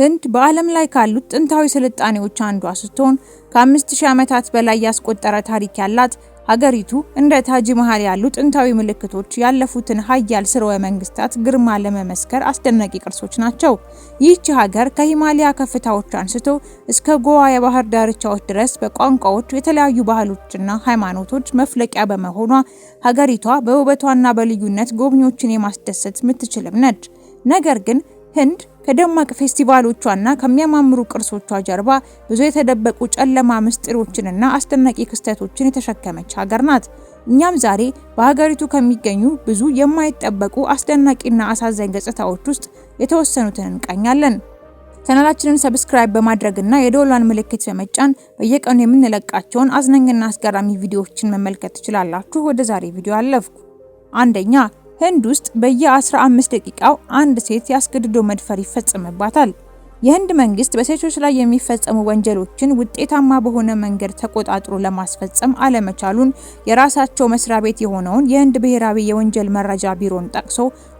ህንድ በዓለም ላይ ካሉት ጥንታዊ ስልጣኔዎች አንዷ ስትሆን ከ5000 ዓመታት በላይ ያስቆጠረ ታሪክ ያላት ሀገሪቱ እንደ ታጅ መሃል ያሉ ጥንታዊ ምልክቶች ያለፉትን ሀያል ስርወ መንግስታት ግርማ ለመመስከር አስደናቂ ቅርሶች ናቸው። ይህች ሀገር ከሂማሊያ ከፍታዎች አንስቶ እስከ ጎዋ የባህር ዳርቻዎች ድረስ በቋንቋዎች የተለያዩ ባህሎችና ሃይማኖቶች መፍለቂያ በመሆኗ ሀገሪቷ በውበቷና በልዩነት ጎብኚዎችን የማስደሰት ምትችልም ነች። ነገር ግን ህንድ ከደማቅ ፌስቲቫሎቿና ከሚያማምሩ ቅርሶቿ ጀርባ ብዙ የተደበቁ ጨለማ ምስጢሮችንና አስደናቂ ክስተቶችን የተሸከመች ሀገር ናት። እኛም ዛሬ በሀገሪቱ ከሚገኙ ብዙ የማይጠበቁ አስደናቂና አሳዛኝ ገጽታዎች ውስጥ የተወሰኑትን እንቃኛለን። ቻናላችንን ሰብስክራይብ በማድረግና የደወሏን ምልክት በመጫን በየቀኑ የምንለቃቸውን አዝናኝና አስገራሚ ቪዲዮዎችን መመልከት ትችላላችሁ። ወደ ዛሬ ቪዲዮ አለፍኩ። አንደኛ ህንድ ውስጥ በየ15 ደቂቃው አንድ ሴት ያስገድዶ መድፈር ይፈጸምባታል። የህንድ መንግስት በሴቶች ላይ የሚፈጸሙ ወንጀሎችን ውጤታማ በሆነ መንገድ ተቆጣጥሮ ለማስፈጸም አለመቻሉን የራሳቸው መስሪያ ቤት የሆነውን የህንድ ብሔራዊ የወንጀል መረጃ ቢሮን ጠቅሶ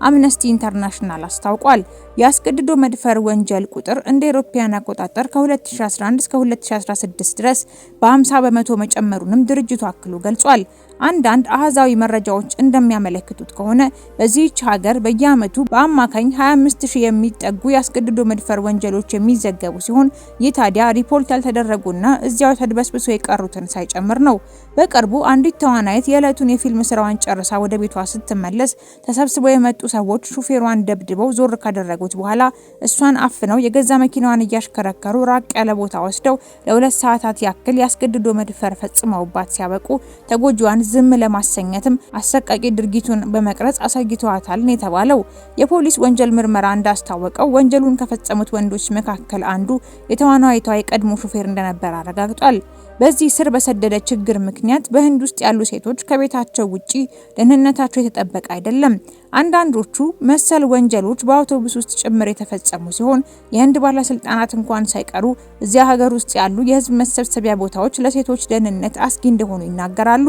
አምነስቲ ኢንተርናሽናል አስታውቋል። የአስገድዶ መድፈር ወንጀል ቁጥር እንደ አውሮፓውያን አቆጣጠር ከ2011 እስከ 2016 ድረስ በ50 በመቶ መጨመሩንም ድርጅቱ አክሎ ገልጿል። አንዳንድ አሃዛዊ መረጃዎች እንደሚያመለክቱት ከሆነ በዚህች ሀገር በየአመቱ በአማካኝ 25000 የሚጠጉ የአስገድዶ መድፈር ወንጀሎች የሚዘገቡ ሲሆን ይህ ታዲያ ሪፖርት ያልተደረጉና እዚያው ተድበስብሶ የቀሩትን ሳይጨምር ነው። በቅርቡ አንዲት ተዋናይት የዕለቱን የፊልም ስራዋን ጨርሳ ወደ ቤቷ ስትመለስ ተሰብስበው የመጡ ሰዎች ሹፌሯን ደብድበው ዞር ካደረጉ ካደረጉት በኋላ እሷን አፍነው የገዛ መኪናዋን እያሽከረከሩ ራቅ ያለ ቦታ ወስደው ለሁለት ሰዓታት ያክል ያስገድዶ መድፈር ፈጽመውባት ሲያበቁ ተጎጂዋን ዝም ለማሰኘትም አሰቃቂ ድርጊቱን በመቅረጽ አሳይተዋታል ነው የተባለው። የፖሊስ ወንጀል ምርመራ እንዳስታወቀው ወንጀሉን ከፈጸሙት ወንዶች መካከል አንዱ የተዋናዋይቷ የቀድሞ ሹፌር እንደነበር አረጋግጧል። በዚህ ስር በሰደደ ችግር ምክንያት በህንድ ውስጥ ያሉ ሴቶች ከቤታቸው ውጪ ደህንነታቸው የተጠበቀ አይደለም። አንዳንዶቹ መሰል ወንጀሎች በአውቶቡስ ውስጥ ጭምር የተፈጸሙ ሲሆን የህንድ ባለስልጣናት እንኳን ሳይቀሩ እዚያ ሀገር ውስጥ ያሉ የህዝብ መሰብሰቢያ ቦታዎች ለሴቶች ደህንነት አስጊ እንደሆኑ ይናገራሉ።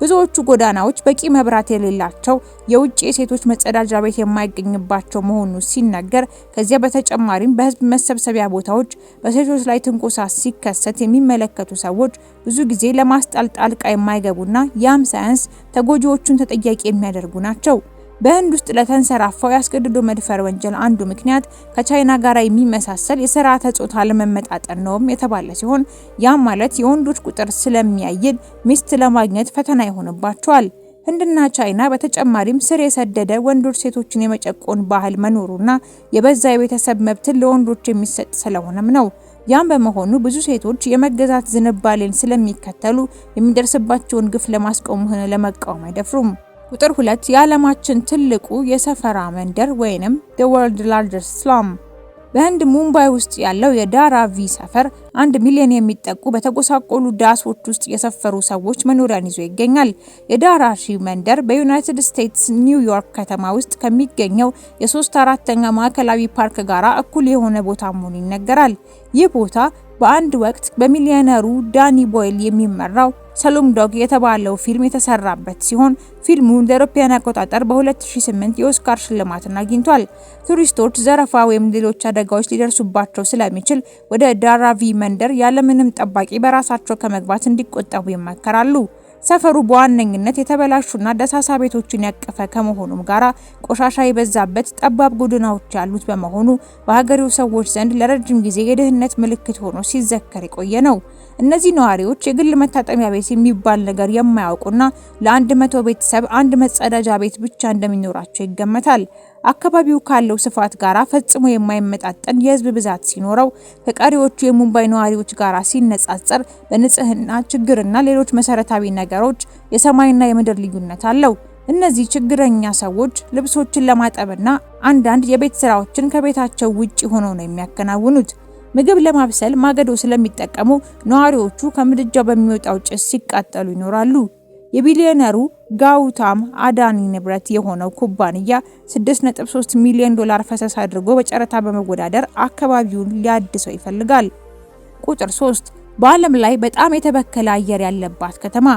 ብዙዎቹ ጎዳናዎች በቂ መብራት የሌላቸው፣ የውጭ የሴቶች መጸዳጃ ቤት የማይገኝባቸው መሆኑ ሲነገር፣ ከዚያ በተጨማሪም በህዝብ መሰብሰቢያ ቦታዎች በሴቶች ላይ ትንኮሳ ሲከሰት የሚመለከቱ ሰዎች ብዙ ጊዜ ለማስጣል ጣልቃ የማይገቡና ያም ሳያንስ ተጎጂዎቹን ተጠያቂ የሚያደርጉ ናቸው። በህንድ ውስጥ ለተንሰራፋው ያስገድዶ መድፈር ወንጀል አንዱ ምክንያት ከቻይና ጋር የሚመሳሰል የስርዓተ ጾታ ለመመጣጠን ነውም የተባለ ሲሆን ያም ማለት የወንዶች ቁጥር ስለሚያይል ሚስት ለማግኘት ፈተና ይሆንባቸዋል። ህንድና ቻይና በተጨማሪም ስር የሰደደ ወንዶች ሴቶችን የመጨቆን ባህል መኖሩና የበዛ የቤተሰብ መብትን ለወንዶች የሚሰጥ ስለሆነም ነው። ያም በመሆኑ ብዙ ሴቶች የመገዛት ዝንባሌን ስለሚከተሉ የሚደርስባቸውን ግፍ ለማስቆም ሆነ ለመቃወም አይደፍሩም። ቁጥር 2 የዓለማችን ትልቁ የሰፈራ መንደር ወይንም the world largest slum በህንድ ሙምባይ ውስጥ ያለው የዳራ ቪ ሰፈር አንድ ሚሊዮን የሚጠቁ በተጎሳቆሉ ዳሶች ውስጥ የሰፈሩ ሰዎች መኖሪያን ይዞ ይገኛል። የዳራ ሺ መንደር በዩናይትድ ስቴትስ ኒውዮርክ ከተማ ውስጥ ከሚገኘው የሶስት አራተኛ ማዕከላዊ ፓርክ ጋር እኩል የሆነ ቦታ መሆኑ ይነገራል። ይህ ቦታ በአንድ ወቅት በሚሊዮነሩ ዳኒ ቦይል የሚመራው ሰሎም ዶግ የተባለው ፊልም የተሰራበት ሲሆን ፊልሙ እንደ አውሮፓውያን አቆጣጠር በ2008 የኦስካር ሽልማትን አግኝቷል። ቱሪስቶች ዘረፋ ወይም ሌሎች አደጋዎች ሊደርሱባቸው ስለሚችል ወደ ዳራቪ መንደር ያለምንም ጠባቂ በራሳቸው ከመግባት እንዲቆጠቡ ይመከራሉ። ሰፈሩ በዋነኝነት የተበላሹና ደሳሳ ቤቶችን ያቀፈ ከመሆኑም ጋር ቆሻሻ የበዛበት ጠባብ ጎዳናዎች ያሉት በመሆኑ በሀገሬው ሰዎች ዘንድ ለረጅም ጊዜ የድህነት ምልክት ሆኖ ሲዘከር የቆየ ነው። እነዚህ ነዋሪዎች የግል መታጠቢያ ቤት የሚባል ነገር የማያውቁና ለአንድ መቶ ቤተሰብ አንድ መጸዳጃ ቤት ብቻ እንደሚኖራቸው ይገመታል። አካባቢው ካለው ስፋት ጋር ፈጽሞ የማይመጣጠን የህዝብ ብዛት ሲኖረው ከቀሪዎቹ የሙምባይ ነዋሪዎች ጋር ሲነጻጸር በንጽህና ችግርና ሌሎች መሰረታዊ ነገሮች የሰማይና የምድር ልዩነት አለው። እነዚህ ችግረኛ ሰዎች ልብሶችን ለማጠብና አንዳንድ የቤት ስራዎችን ከቤታቸው ውጭ ሆነው ነው የሚያከናውኑት። ምግብ ለማብሰል ማገዶ ስለሚጠቀሙ ነዋሪዎቹ ከምድጃው በሚወጣው ጭስ ሲቃጠሉ ይኖራሉ። የቢሊዮነሩ ጋውታም አዳኒ ንብረት የሆነው ኩባንያ 6.3 ሚሊዮን ዶላር ፈሰስ አድርጎ በጨረታ በመወዳደር አካባቢውን ሊያድሰው ይፈልጋል። ቁጥር 3 በዓለም ላይ በጣም የተበከለ አየር ያለባት ከተማ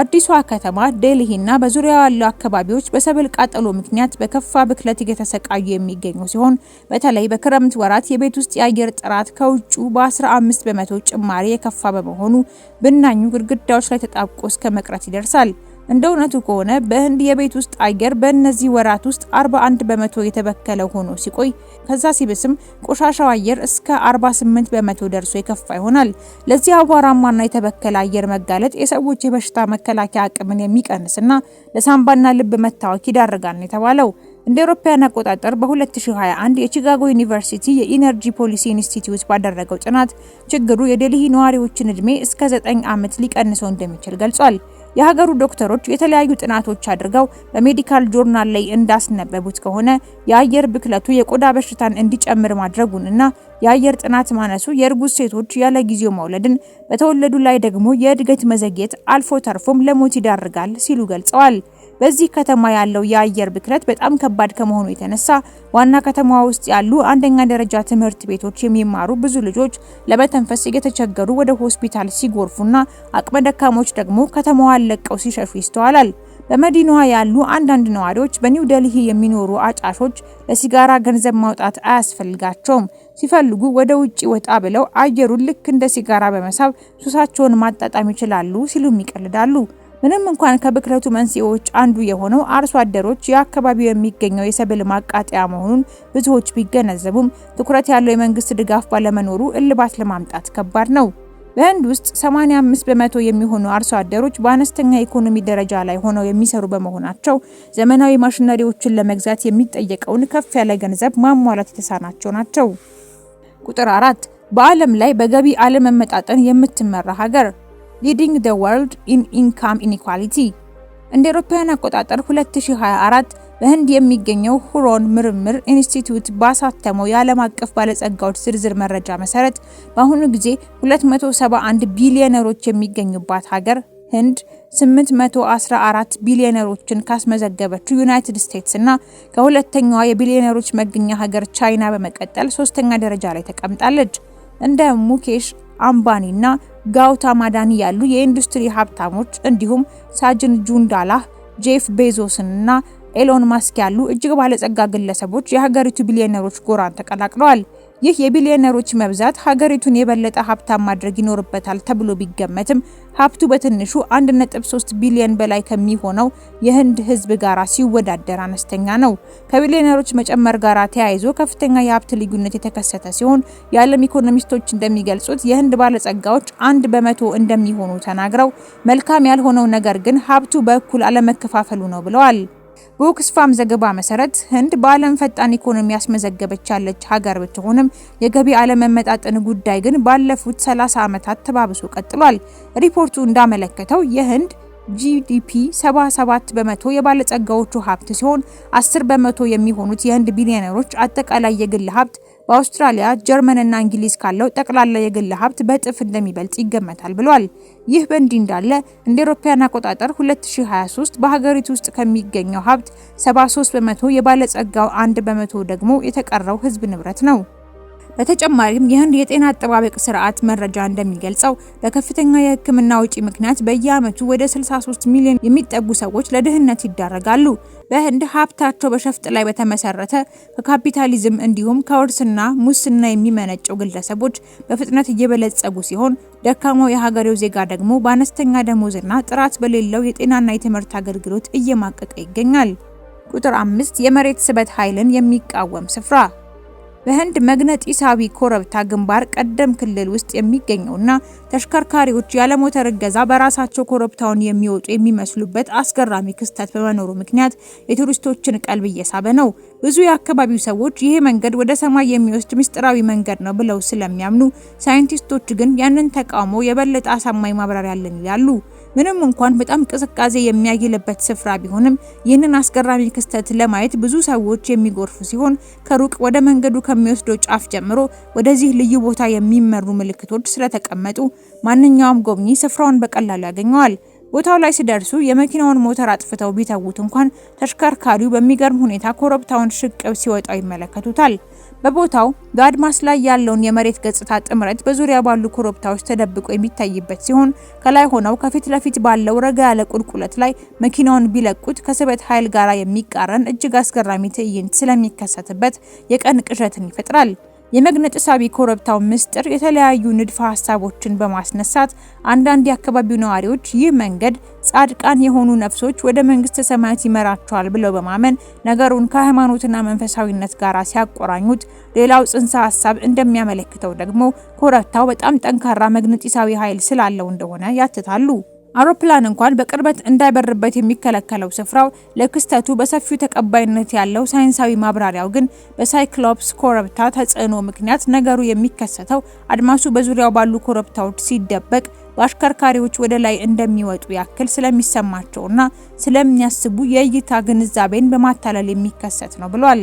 አዲሷ ከተማ ዴልሂና በዙሪያው ያሉ አካባቢዎች በሰብል ቃጠሎ ምክንያት በከፋ ብክለት እየተሰቃዩ የሚገኙ ሲሆን በተለይ በክረምት ወራት የቤት ውስጥ የአየር ጥራት ከውጩ በ15 በመቶ ጭማሪ የከፋ በመሆኑ ብናኙ ግድግዳዎች ላይ ተጣብቆ እስከ መቅረት ይደርሳል። እንደ እውነቱ ከሆነ በህንድ የቤት ውስጥ አየር በእነዚህ ወራት ውስጥ 41 በመቶ የተበከለ ሆኖ ሲቆይ ከዛ ሲብስም ቆሻሻው አየር እስከ 48 በመቶ ደርሶ የከፋ ይሆናል። ለዚህ አቧራማና የተበከለ አየር መጋለጥ የሰዎች የበሽታ መከላከያ አቅምን የሚቀንስና ለሳምባና ልብ መታወክ ይዳርጋል ነው የተባለው። እንደ አውሮፓውያን አቆጣጠር በ2021 የቺካጎ ዩኒቨርሲቲ የኢነርጂ ፖሊሲ ኢንስቲትዩት ባደረገው ጥናት ችግሩ የዴልሂ ነዋሪዎችን ዕድሜ እስከ 9 ዓመት ሊቀንሰው እንደሚችል ገልጿል። የሀገሩ ዶክተሮች የተለያዩ ጥናቶች አድርገው በሜዲካል ጆርናል ላይ እንዳስነበቡት ከሆነ የአየር ብክለቱ የቆዳ በሽታን እንዲጨምር ማድረጉንና የአየር ጥናት ማነሱ የእርጉዝ ሴቶች ያለ ጊዜው መውለድን በተወለዱ ላይ ደግሞ የእድገት መዘግየት አልፎ ተርፎም ለሞት ይዳርጋል ሲሉ ገልጸዋል። በዚህ ከተማ ያለው የአየር ብክለት በጣም ከባድ ከመሆኑ የተነሳ ዋና ከተማ ውስጥ ያሉ አንደኛ ደረጃ ትምህርት ቤቶች የሚማሩ ብዙ ልጆች ለመተንፈስ እየተቸገሩ ወደ ሆስፒታል ሲጎርፉና አቅመ ደካሞች ደግሞ ከተማዋን ለቀው ሲሸሹ ይስተዋላል። በመዲናዋ ያሉ አንዳንድ ነዋሪዎች በኒው ደልሂ የሚኖሩ አጫሾች ለሲጋራ ገንዘብ ማውጣት አያስፈልጋቸውም። ሲፈልጉ ወደ ውጭ ወጣ ብለው አየሩን ልክ እንደ ሲጋራ በመሳብ ሱሳቸውን ማጣጣም ይችላሉ ሲሉም ይቀልዳሉ። ምንም እንኳን ከብክለቱ መንስኤዎች አንዱ የሆነው አርሶ አደሮች የአካባቢው የሚገኘው የሰብል ማቃጠያ መሆኑን ብዙዎች ቢገነዘቡም ትኩረት ያለው የመንግስት ድጋፍ ባለመኖሩ እልባት ለማምጣት ከባድ ነው። በህንድ ውስጥ 85 በመቶ የሚሆኑ አርሶ አደሮች በአነስተኛ ኢኮኖሚ ደረጃ ላይ ሆነው የሚሰሩ በመሆናቸው ዘመናዊ ማሽነሪዎችን ለመግዛት የሚጠየቀውን ከፍ ያለ ገንዘብ ማሟላት የተሳናቸው ናቸው። ቁጥር አራት በዓለም ላይ በገቢ አለመመጣጠን የምትመራ ሀገር ሊዲንግ ደ ወርልድ ኢን ኢንካም ኢኒኳሊቲ እንደ አውሮፓውያን አቆጣጠር 2024 በህንድ የሚገኘው ሁሮን ምርምር ኢንስቲትዩት ባሳተመው የዓለም አቀፍ ባለጸጋዎች ዝርዝር መረጃ መሰረት በአሁኑ ጊዜ 271 ቢሊዮነሮች የሚገኙባት ሀገር ህንድ 814 ቢሊዮነሮችን ካስመዘገበችው ዩናይትድ ስቴትስ እና ከሁለተኛዋ የቢሊዮነሮች መገኛ ሀገር ቻይና በመቀጠል ሶስተኛ ደረጃ ላይ ተቀምጣለች። እንደ ሙኬሽ አምባኒና ጋውታም አዳኒ ያሉ የኢንዱስትሪ ሀብታሞች እንዲሁም ሳጅን ጁንዳላህ፣ ጄፍ ቤዞስንና ኤሎን ማስክ ያሉ እጅግ ባለጸጋ ግለሰቦች የሀገሪቱ ቢሊዮነሮች ጎራን ተቀላቅለዋል። ይህ የቢሊዮነሮች መብዛት ሀገሪቱን የበለጠ ሀብታም ማድረግ ይኖርበታል ተብሎ ቢገመትም ሀብቱ በትንሹ 1.3 ቢሊዮን በላይ ከሚሆነው የህንድ ህዝብ ጋር ሲወዳደር አነስተኛ ነው። ከቢሊዮነሮች መጨመር ጋር ተያይዞ ከፍተኛ የሀብት ልዩነት የተከሰተ ሲሆን የዓለም ኢኮኖሚስቶች እንደሚገልጹት የህንድ ባለጸጋዎች አንድ በመቶ እንደሚሆኑ ተናግረው መልካም ያልሆነው ነገር ግን ሀብቱ በእኩል አለመከፋፈሉ ነው ብለዋል። በኦክስፋም ዘገባ መሰረት ህንድ በዓለም ፈጣን ኢኮኖሚ ያስመዘገበች ያለች ሀገር ብትሆንም የገቢ አለመመጣጠን ጉዳይ ግን ባለፉት 30 ዓመታት ተባብሶ ቀጥሏል። ሪፖርቱ እንዳመለከተው የህንድ ጂዲፒ 77 በመቶ የባለጸጋዎቹ ሀብት ሲሆን 10 በመቶ የሚሆኑት የህንድ ቢሊዮነሮች አጠቃላይ የግል ሀብት በአውስትራሊያ ጀርመንና እንግሊዝ ካለው ጠቅላላ የግል ሀብት በእጥፍ እንደሚበልጥ ይገመታል ብሏል። ይህ በእንዲህ እንዳለ እንደ አውሮፓውያን አቆጣጠር 2023 በሀገሪቱ ውስጥ ከሚገኘው ሀብት 73 በመቶ የባለጸጋው አንድ በመቶ ደግሞ የተቀረው ህዝብ ንብረት ነው። በተጨማሪም የህንድ የጤና አጠባበቅ ስርዓት መረጃ እንደሚገልጸው በከፍተኛ የህክምና ወጪ ምክንያት በየአመቱ ወደ 63 ሚሊዮን የሚጠጉ ሰዎች ለድህነት ይዳረጋሉ። በህንድ ሀብታቸው በሸፍጥ ላይ በተመሰረተ ከካፒታሊዝም እንዲሁም ከውርስና ሙስና የሚመነጨው ግለሰቦች በፍጥነት እየበለጸጉ ሲሆን ደካማው የሀገሬው ዜጋ ደግሞ በአነስተኛ ደሞዝና ጥራት በሌለው የጤናና የትምህርት አገልግሎት እየማቀቀ ይገኛል። ቁጥር አምስት የመሬት ስበት ኃይልን የሚቃወም ስፍራ በህንድ መግነጢሳዊ ኮረብታ ግንባር ቀደም ክልል ውስጥ የሚገኘውና ተሽከርካሪዎች ያለ ሞተር እገዛ በራሳቸው ኮረብታውን የሚወጡ የሚመስሉበት አስገራሚ ክስተት በመኖሩ ምክንያት የቱሪስቶችን ቀልብ እየሳበ ነው። ብዙ የአካባቢው ሰዎች ይሄ መንገድ ወደ ሰማይ የሚወስድ ምስጢራዊ መንገድ ነው ብለው ስለሚያምኑ፣ ሳይንቲስቶች ግን ያንን ተቃውሞ የበለጠ አሳማኝ ማብራሪያ አለን ይላሉ። ምንም እንኳን በጣም ቅዝቃዜ የሚያይልበት ስፍራ ቢሆንም ይህንን አስገራሚ ክስተት ለማየት ብዙ ሰዎች የሚጎርፉ ሲሆን ከሩቅ ወደ መንገዱ ከሚወስደው ጫፍ ጀምሮ ወደዚህ ልዩ ቦታ የሚመሩ ምልክቶች ስለተቀመጡ ማንኛውም ጎብኚ ስፍራውን በቀላሉ ያገኘዋል። ቦታው ላይ ሲደርሱ የመኪናውን ሞተር አጥፍተው ቢተዉት እንኳን ተሽከርካሪው በሚገርም ሁኔታ ኮረብታውን ሽቅብ ሲወጣው ይመለከቱታል። በቦታው በአድማስ ላይ ያለውን የመሬት ገጽታ ጥምረት በዙሪያ ባሉ ኮረብታዎች ተደብቆ የሚታይበት ሲሆን ከላይ ሆነው ከፊት ለፊት ባለው ረጋ ያለ ቁልቁለት ላይ መኪናውን ቢለቁት ከስበት ኃይል ጋር የሚቃረን እጅግ አስገራሚ ትዕይንት ስለሚከሰትበት የቀን ቅዠትን ይፈጥራል። የመግነጢሳዊ ኮረብታው ምስጢር የተለያዩ ንድፈ ሀሳቦችን በማስነሳት አንዳንድ የአካባቢው ነዋሪዎች ይህ መንገድ ጻድቃን የሆኑ ነፍሶች ወደ መንግስተ ሰማያት ይመራቸዋል ብለው በማመን ነገሩን ከሃይማኖትና መንፈሳዊነት ጋር ሲያቆራኙት፣ ሌላው ጽንሰ ሀሳብ እንደሚያመለክተው ደግሞ ኮረብታው በጣም ጠንካራ መግነጢሳዊ ኃይል ስላለው እንደሆነ ያትታሉ። አውሮፕላን እንኳን በቅርበት እንዳይበርበት የሚከለከለው ስፍራው ለክስተቱ በሰፊው ተቀባይነት ያለው ሳይንሳዊ ማብራሪያው ግን በሳይክሎፕስ ኮረብታ ተጽዕኖ ምክንያት ነገሩ የሚከሰተው አድማሱ በዙሪያው ባሉ ኮረብታዎች ሲደበቅ በአሽከርካሪዎች ወደ ላይ እንደሚወጡ ያክል ስለሚሰማቸውና ስለሚያስቡ የእይታ ግንዛቤን በማታለል የሚከሰት ነው ብሏል።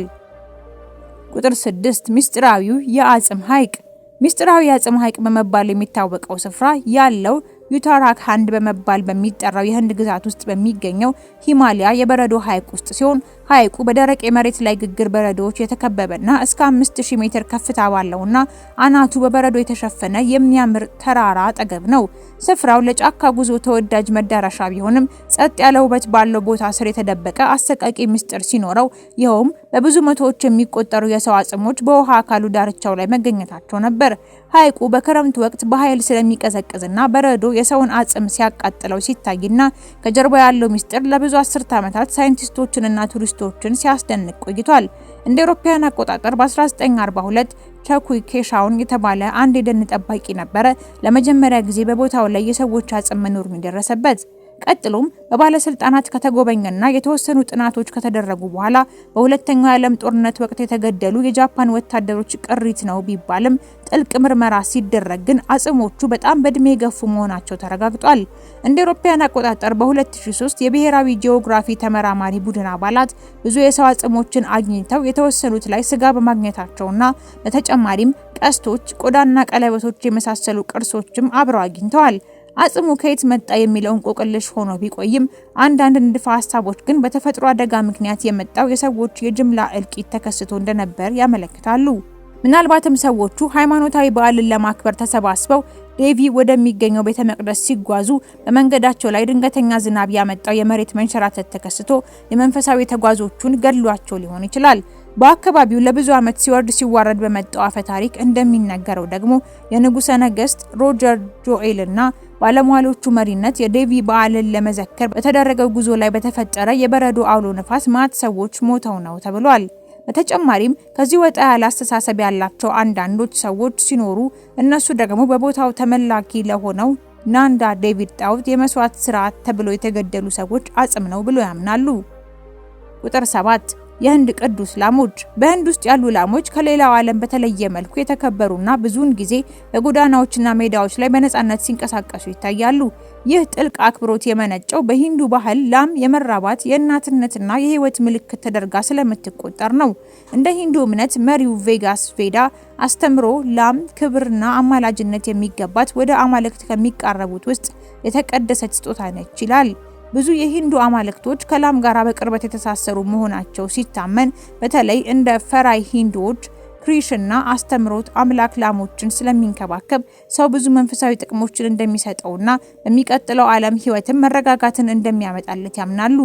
ቁጥር 6 ምስጢራዊው የአጽም ሐይቅ ምስጢራዊ የአጽም ሐይቅ በመባል የሚታወቀው ስፍራ ያለው ዩታራክሃንድ በመባል በሚጠራው የህንድ ግዛት ውስጥ በሚገኘው ሂማሊያ የበረዶ ሐይቅ ውስጥ ሲሆን ሐይቁ በደረቅ የመሬት ላይ ግግር በረዶዎች የተከበበና እስከ 5000 ሜትር ከፍታ ባለውና አናቱ በበረዶ የተሸፈነ የሚያምር ተራራ አጠገብ ነው። ስፍራው ለጫካ ጉዞ ተወዳጅ መዳረሻ ቢሆንም ጸጥ ያለ ውበት ባለው ቦታ ስር የተደበቀ አሰቃቂ ምስጢር ሲኖረው ይኸውም በብዙ መቶዎች የሚቆጠሩ የሰው አጽሞች በውሃ አካሉ ዳርቻው ላይ መገኘታቸው ነበር። ሐይቁ በክረምት ወቅት በኃይል ስለሚቀዘቅዝና በረዶ የሰውን አጽም ሲያቃጥለው ሲታይና ከጀርባ ያለው ሚስጥር ለብዙ አስርት ዓመታት ሳይንቲስቶችንና ቱሪስቶችን ሲያስደንቅ ቆይቷል። እንደ አውሮፓውያን አቆጣጠር በ1942 ቸኩይ ኬሻውን የተባለ አንድ የደን ጠባቂ ነበረ ለመጀመሪያ ጊዜ በቦታው ላይ የሰዎች አጽም መኖሩን የደረሰበት። ቀጥሎም በባለስልጣናት ከተጎበኘና የተወሰኑ ጥናቶች ከተደረጉ በኋላ በሁለተኛው የዓለም ጦርነት ወቅት የተገደሉ የጃፓን ወታደሮች ቅሪት ነው ቢባልም ጥልቅ ምርመራ ሲደረግ ግን አጽሞቹ በጣም በእድሜ የገፉ መሆናቸው ተረጋግጧል። እንደ አውሮፓውያን አቆጣጠር በ2003 የብሔራዊ ጂኦግራፊ ተመራማሪ ቡድን አባላት ብዙ የሰው አጽሞችን አግኝተው የተወሰኑት ላይ ስጋ በማግኘታቸውና በተጨማሪም ቀስቶች፣ ቆዳና ቀለበቶች የመሳሰሉ ቅርሶችም አብረው አግኝተዋል። አጽሙ ከየት መጣ የሚለው እንቆቅልሽ ሆኖ ቢቆይም አንዳንድ ንድፈ ሀሳቦች ግን በተፈጥሮ አደጋ ምክንያት የመጣው የሰዎች የጅምላ እልቂት ተከስቶ እንደነበር ያመለክታሉ። ምናልባትም ሰዎቹ ሃይማኖታዊ በዓልን ለማክበር ተሰባስበው ዴቪ ወደሚገኘው ቤተ መቅደስ ሲጓዙ በመንገዳቸው ላይ ድንገተኛ ዝናብ ያመጣው የመሬት መንሸራተት ተከስቶ የመንፈሳዊ ተጓዞቹን ገድሏቸው ሊሆን ይችላል። በአካባቢው ለብዙ ዓመት ሲወርድ ሲዋረድ በመጣው አፈ ታሪክ እንደሚነገረው ደግሞ የንጉሠ ነገሥት ሮጀር ጆኤልና ባለሟሎቹ መሪነት የዴቪ በዓልን ለመዘከር በተደረገው ጉዞ ላይ በተፈጠረ የበረዶ አውሎ ነፋስ ማት ሰዎች ሞተው ነው ተብሏል። በተጨማሪም ከዚህ ወጣ ያለ አስተሳሰብ ያላቸው አንዳንዶች ሰዎች ሲኖሩ እነሱ ደግሞ በቦታው ተመላኪ ለሆነው ናንዳ ዴቪድ ጣውት የመስዋዕት ስርዓት ተብሎ የተገደሉ ሰዎች አጽም ነው ብሎ ያምናሉ። ቁጥር 7 የህንድ ቅዱስ ላሞች በህንድ ውስጥ ያሉ ላሞች ከሌላው ዓለም በተለየ መልኩ የተከበሩና ብዙውን ጊዜ በጎዳናዎችና ሜዳዎች ላይ በነፃነት ሲንቀሳቀሱ ይታያሉ። ይህ ጥልቅ አክብሮት የመነጨው በሂንዱ ባህል ላም የመራባት የእናትነትና የህይወት ምልክት ተደርጋ ስለምትቆጠር ነው። እንደ ሂንዱ እምነት መሪው ቬጋስ ቬዳ አስተምሮ ላም ክብርና አማላጅነት የሚገባት ወደ አማልክት ከሚቃረቡት ውስጥ የተቀደሰች ስጦታ ነች ይላል። ብዙ የሂንዱ አማልክቶች ከላም ጋር በቅርበት የተሳሰሩ መሆናቸው ሲታመን በተለይ እንደ ፈራይ ሂንዱዎች ክሪሽና አስተምሮት አምላክ ላሞችን ስለሚንከባከብ ሰው ብዙ መንፈሳዊ ጥቅሞችን እንደሚሰጠውና በሚቀጥለው ዓለም ሕይወትም መረጋጋትን እንደሚያመጣለት ያምናሉ።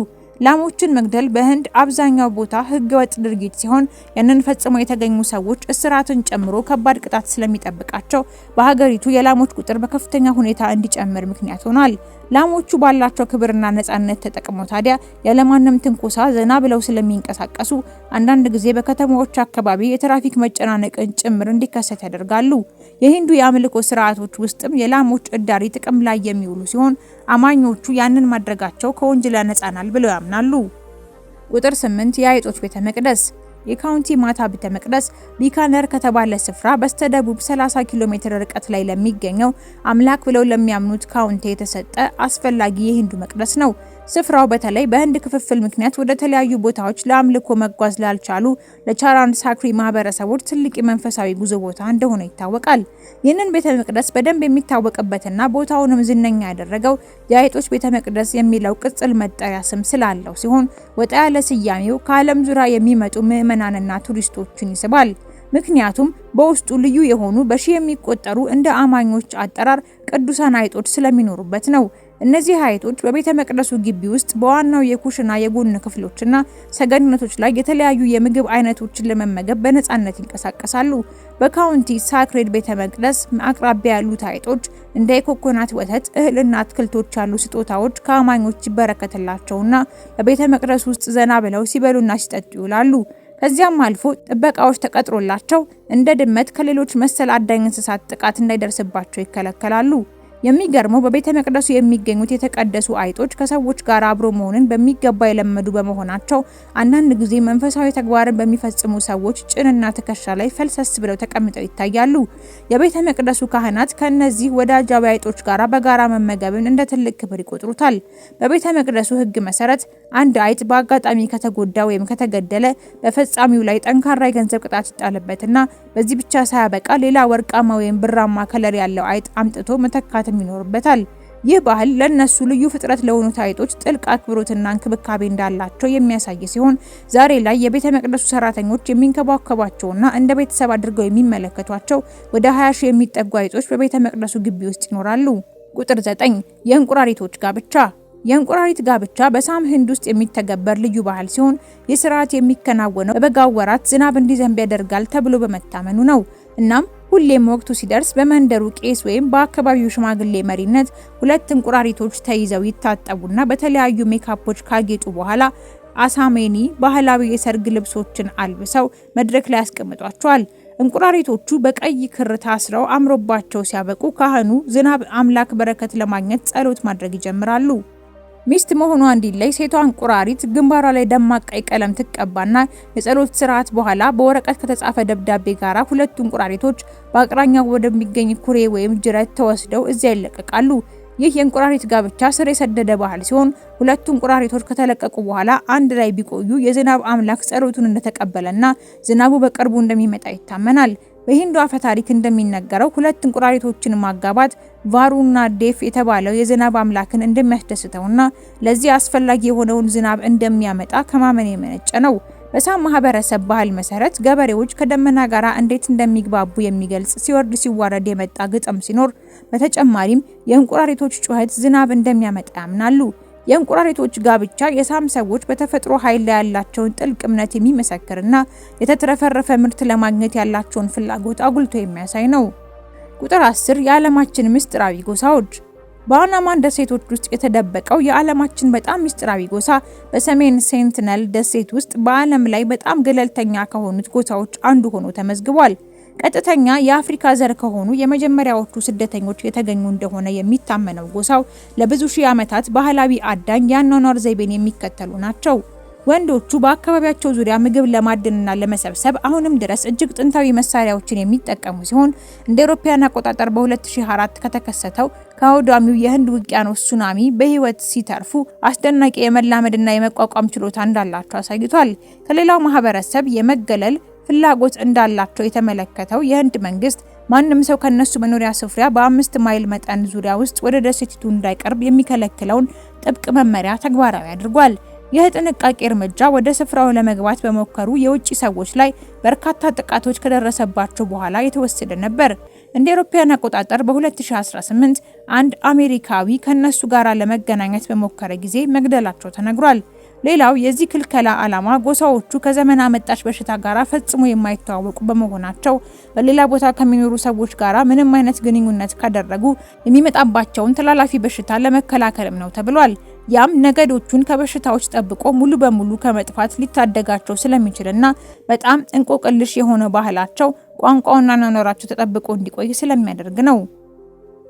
ላሞችን መግደል በህንድ አብዛኛው ቦታ ህገወጥ ድርጊት ሲሆን ያንን ፈጽመው የተገኙ ሰዎች እስራትን ጨምሮ ከባድ ቅጣት ስለሚጠብቃቸው በሀገሪቱ የላሞች ቁጥር በከፍተኛ ሁኔታ እንዲጨምር ምክንያት ሆኗል። ላሞቹ ባላቸው ክብርና ነጻነት ተጠቅመው ታዲያ ያለማንም ትንኮሳ ዘና ብለው ስለሚንቀሳቀሱ አንዳንድ ጊዜ በከተማዎች አካባቢ የትራፊክ መጨናነቅን ጭምር እንዲከሰት ያደርጋሉ። የሂንዱ የአምልኮ ስርዓቶች ውስጥም የላሞች እዳሪ ጥቅም ላይ የሚውሉ ሲሆን አማኞቹ ያንን ማድረጋቸው ከወንጀል ያነጻናል ብለው ያምናሉ። ቁጥር 8 የአይጦች ቤተ መቅደስ የካውንቲ ማታ ቤተ መቅደስ ቢካነር ከተባለ ስፍራ በስተደቡብ 30 ኪሎ ሜትር ርቀት ላይ ለሚገኘው አምላክ ብለው ለሚያምኑት ካውንቲ የተሰጠ አስፈላጊ የሂንዱ መቅደስ ነው። ስፍራው በተለይ በህንድ ክፍፍል ምክንያት ወደ ተለያዩ ቦታዎች ለአምልኮ መጓዝ ላልቻሉ ለቻራን ሳክሪ ማህበረሰቦች ትልቅ የመንፈሳዊ ጉዞ ቦታ እንደሆነ ይታወቃል። ይህንን ቤተ መቅደስ በደንብ የሚታወቅበትና ቦታውንም ዝነኛ ያደረገው የአይጦች ቤተ መቅደስ የሚለው ቅጽል መጠሪያ ስም ስላለው ሲሆን ወጣ ያለ ስያሜው ከዓለም ዙሪያ የሚመጡ ምዕመናንና ቱሪስቶችን ይስባል። ምክንያቱም በውስጡ ልዩ የሆኑ በሺ የሚቆጠሩ እንደ አማኞች አጠራር ቅዱሳን አይጦች ስለሚኖሩበት ነው። እነዚህ ሀይቶች በቤተ መቅደሱ ግቢ ውስጥ በዋናው የኩሽና የጎን ክፍሎችና ሰገነቶች ላይ የተለያዩ የምግብ አይነቶችን ለመመገብ በነፃነት ይንቀሳቀሳሉ። በካውንቲ ሳክሬድ ቤተ መቅደስ አቅራቢያ ያሉት ሀይቶች እንደ የኮኮናት ወተት፣ እህልና አትክልቶች ያሉ ስጦታዎች ከአማኞች ይበረከትላቸውና በቤተ መቅደሱ ውስጥ ዘና ብለው ሲበሉና ሲጠጡ ይውላሉ። ከዚያም አልፎ ጥበቃዎች ተቀጥሮላቸው እንደ ድመት ከሌሎች መሰል አዳኝ እንስሳት ጥቃት እንዳይደርስባቸው ይከለከላሉ። የሚገርመው በቤተ መቅደሱ የሚገኙት የተቀደሱ አይጦች ከሰዎች ጋር አብሮ መሆንን በሚገባ የለመዱ በመሆናቸው አንዳንድ ጊዜ መንፈሳዊ ተግባርን በሚፈጽሙ ሰዎች ጭንና ትከሻ ላይ ፈልሰስ ብለው ተቀምጠው ይታያሉ። የቤተ መቅደሱ ካህናት ከእነዚህ ወዳጃዊ አይጦች ጋር በጋራ መመገብን እንደ ትልቅ ክብር ይቆጥሩታል። በቤተ መቅደሱ ሕግ መሰረት አንድ አይጥ በአጋጣሚ ከተጎዳ ወይም ከተገደለ በፈጻሚው ላይ ጠንካራ የገንዘብ ቅጣት ይጣልበትና በዚህ ብቻ ሳያበቃ ሌላ ወርቃማ ወይም ብራማ ከለር ያለው አይጥ አምጥቶ መተካት መረዳትም ይኖርበታል። ይህ ባህል ለእነሱ ልዩ ፍጥረት ለሆኑት አይጦች ጥልቅ አክብሮትና እንክብካቤ እንዳላቸው የሚያሳይ ሲሆን ዛሬ ላይ የቤተ መቅደሱ ሰራተኞች የሚንከባከቧቸውና እንደ ቤተሰብ አድርገው የሚመለከቷቸው ወደ 20 ሺህ የሚጠጉ አይጦች በቤተ መቅደሱ ግቢ ውስጥ ይኖራሉ። ቁጥር 9 የእንቁራሪቶች ጋብቻ የእንቁራሪት ጋብቻ በሳም ህንድ ውስጥ የሚተገበር ልዩ ባህል ሲሆን ይህ ስርዓት የሚከናወነው በበጋው ወራት ዝናብ እንዲዘንብ ያደርጋል ተብሎ በመታመኑ ነው። እናም ሁሌም ወቅቱ ሲደርስ በመንደሩ ቄስ ወይም በአካባቢው ሽማግሌ መሪነት ሁለት እንቁራሪቶች ተይዘው ይታጠቡና በተለያዩ ሜካፖች ካጌጡ በኋላ አሳሜኒ ባህላዊ የሰርግ ልብሶችን አልብሰው መድረክ ላይ ያስቀምጧቸዋል። እንቁራሪቶቹ በቀይ ክር ታስረው አምሮባቸው ሲያበቁ ካህኑ ዝናብ አምላክ በረከት ለማግኘት ጸሎት ማድረግ ይጀምራሉ። ሚስት መሆኗ እንዲለይ ሴቷ እንቁራሪት ግንባሯ ላይ ደማቅ ቀይ ቀለም ትቀባና የጸሎት ስርዓት በኋላ በወረቀት ከተጻፈ ደብዳቤ ጋራ ሁለቱ እንቁራሪቶች በአቅራኛው ወደሚገኝ ኩሬ ወይም ጅረት ተወስደው እዚያ ይለቀቃሉ። ይህ የእንቁራሪት ጋብቻ ስር የሰደደ ባህል ሲሆን ሁለቱ እንቁራሪቶች ከተለቀቁ በኋላ አንድ ላይ ቢቆዩ የዝናብ አምላክ ጸሎቱን እንደተቀበለና ዝናቡ በቅርቡ እንደሚመጣ ይታመናል። በሂንዱ አፈ ታሪክ እንደሚነገረው ሁለት እንቁራሪቶችን ማጋባት ቫሩና ዴፍ የተባለው የዝናብ አምላክን እንደሚያስደስተውና ለዚህ አስፈላጊ የሆነውን ዝናብ እንደሚያመጣ ከማመን የመነጨ ነው። በሳም ማህበረሰብ ባህል መሰረት ገበሬዎች ከደመና ጋር እንዴት እንደሚግባቡ የሚገልጽ ሲወርድ ሲዋረድ የመጣ ግጥም ሲኖር፣ በተጨማሪም የእንቁራሪቶች ጩኸት ዝናብ እንደሚያመጣ ያምናሉ። የእንቁራሪቶች ጋብቻ የሳም ሰዎች በተፈጥሮ ኃይል ላይ ያላቸውን ጥልቅ እምነት የሚመሰክርና የተትረፈረፈ ምርት ለማግኘት ያላቸውን ፍላጎት አጉልቶ የሚያሳይ ነው። ቁጥር 10 የዓለማችን ምስጢራዊ ጎሳዎች በአንዳማን ደሴቶች ውስጥ የተደበቀው የዓለማችን በጣም ምስጢራዊ ጎሳ በሰሜን ሴንቲነል ደሴት ውስጥ በዓለም ላይ በጣም ገለልተኛ ከሆኑት ጎሳዎች አንዱ ሆኖ ተመዝግቧል። ቀጥተኛ የአፍሪካ ዘር ከሆኑ የመጀመሪያዎቹ ስደተኞች የተገኙ እንደሆነ የሚታመነው ጎሳው ለብዙ ሺህ ዓመታት ባህላዊ አዳኝ የአኗኗር ዘይቤን የሚከተሉ ናቸው። ወንዶቹ በአካባቢያቸው ዙሪያ ምግብ ለማድንና ለመሰብሰብ አሁንም ድረስ እጅግ ጥንታዊ መሳሪያዎችን የሚጠቀሙ ሲሆን እንደ አውሮፓውያን አቆጣጠር በ2004 ከተከሰተው ከአውዳሚው የህንድ ውቅያኖስ ሱናሚ በህይወት ሲተርፉ አስደናቂ የመላመድና የመቋቋም ችሎታ እንዳላቸው አሳይቷል። ከሌላው ማህበረሰብ የመገለል ፍላጎት እንዳላቸው የተመለከተው የህንድ መንግስት ማንም ሰው ከነሱ መኖሪያ ስፍራ በአምስት ማይል መጠን ዙሪያ ውስጥ ወደ ደሴቲቱ እንዳይቀርብ የሚከለክለውን ጥብቅ መመሪያ ተግባራዊ አድርጓል። ይህ ጥንቃቄ እርምጃ ወደ ስፍራው ለመግባት በሞከሩ የውጭ ሰዎች ላይ በርካታ ጥቃቶች ከደረሰባቸው በኋላ የተወሰደ ነበር። እንደ አውሮፓውያን አቆጣጠር በ2018 አንድ አሜሪካዊ ከነሱ ጋር ለመገናኘት በሞከረ ጊዜ መግደላቸው ተነግሯል። ሌላው የዚህ ክልከላ ዓላማ ጎሳዎቹ ከዘመን አመጣሽ በሽታ ጋራ ፈጽሞ የማይተዋወቁ በመሆናቸው በሌላ ቦታ ከሚኖሩ ሰዎች ጋራ ምንም አይነት ግንኙነት ካደረጉ የሚመጣባቸውን ተላላፊ በሽታ ለመከላከልም ነው ተብሏል። ያም ነገዶቹን ከበሽታዎች ጠብቆ ሙሉ በሙሉ ከመጥፋት ሊታደጋቸው ስለሚችልና በጣም እንቆቅልሽ የሆነ ባህላቸው፣ ቋንቋውና አኗኗራቸው ተጠብቆ እንዲቆይ ስለሚያደርግ ነው።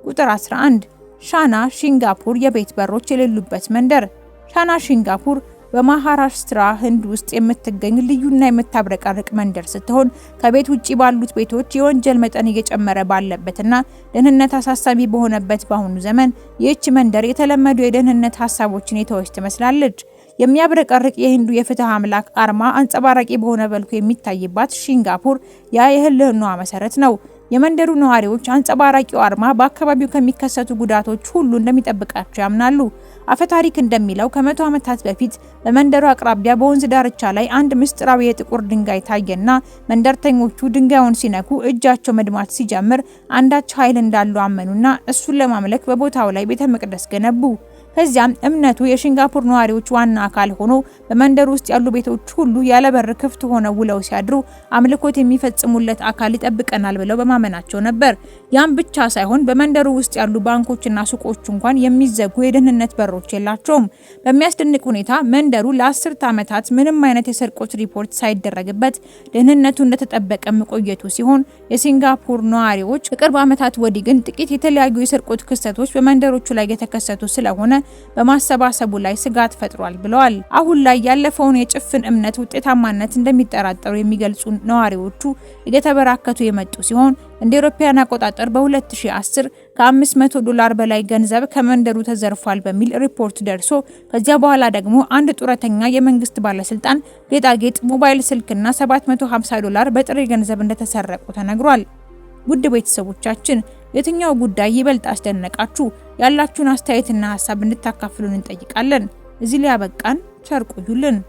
ቁጥር 11 ሻና ሺንጋፑር የቤት በሮች የሌሉበት መንደር ሻና ሺንጋፑር በማሃራሽትራ ህንድ ውስጥ የምትገኝ ልዩና የምታብረቀርቅ መንደር ስትሆን ከቤት ውጭ ባሉት ቤቶች የወንጀል መጠን እየጨመረ ባለበትና ደህንነት አሳሳቢ በሆነበት በአሁኑ ዘመን ይህች መንደር የተለመዱ የደህንነት ሀሳቦችን የተወች ትመስላለች። የሚያብረቀርቅ የህንዱ የፍትህ አምላክ አርማ አንጸባራቂ በሆነ መልኩ የሚታይባት ሲንጋፖር ያ የህልህኗ መሰረት ነው። የመንደሩ ነዋሪዎች አንጸባራቂው አርማ በአካባቢው ከሚከሰቱ ጉዳቶች ሁሉ እንደሚጠብቃቸው ያምናሉ። አፈታሪክ እንደሚለው ከመቶ ዓመታት በፊት በመንደሩ አቅራቢያ በወንዝ ዳርቻ ላይ አንድ ምስጢራዊ የጥቁር ድንጋይ ታየና መንደርተኞቹ ድንጋዩን ሲነኩ እጃቸው መድማት ሲጀምር አንዳች ኃይል እንዳሉ አመኑና እሱን ለማምለክ በቦታው ላይ ቤተ መቅደስ ገነቡ። ከዚያም እምነቱ የሲንጋፖር ነዋሪዎች ዋና አካል ሆኖ በመንደር ውስጥ ያሉ ቤቶች ሁሉ ያለበር ክፍት ሆነው ውለው ሲያድሩ አምልኮት የሚፈጽሙለት አካል ይጠብቀናል ብለው በማመናቸው ነበር። ያም ብቻ ሳይሆን በመንደሩ ውስጥ ያሉ ባንኮችና ሱቆች እንኳን የሚዘጉ የደህንነት በሮች የላቸውም። በሚያስደንቅ ሁኔታ መንደሩ ለአስርት ዓመታት ምንም አይነት የስርቆት ሪፖርት ሳይደረግበት ደህንነቱ እንደተጠበቀ መቆየቱ ሲሆን የሲንጋፖር ነዋሪዎች ከቅርብ ዓመታት ወዲህ ግን ጥቂት የተለያዩ የስርቆት ክስተቶች በመንደሮቹ ላይ የተከሰቱ ስለሆነ በማሰባሰቡ ላይ ስጋት ፈጥሯል ብለዋል። አሁን ላይ ያለፈውን የጭፍን እምነት ውጤታማነት እንደሚጠራጠሩ የሚገልጹ ነዋሪዎቹ እየተበራከቱ የመጡ ሲሆን እንደ አውሮፓውያን አቆጣጠር በ2010 ከ500 ዶላር በላይ ገንዘብ ከመንደሩ ተዘርፏል በሚል ሪፖርት ደርሶ ከዚያ በኋላ ደግሞ አንድ ጡረተኛ የመንግስት ባለስልጣን ጌጣጌጥ፣ ሞባይል ስልክና 750 ዶላር በጥሬ ገንዘብ እንደተሰረቁ ተነግሯል። ውድ ቤተሰቦቻችን የትኛው ጉዳይ ይበልጥ አስደነቃችሁ? ያላችሁን አስተያየትና ሀሳብ እንድታካፍሉን እንጠይቃለን። እዚህ ላይ ያበቃን። ቸር ቆዩልን።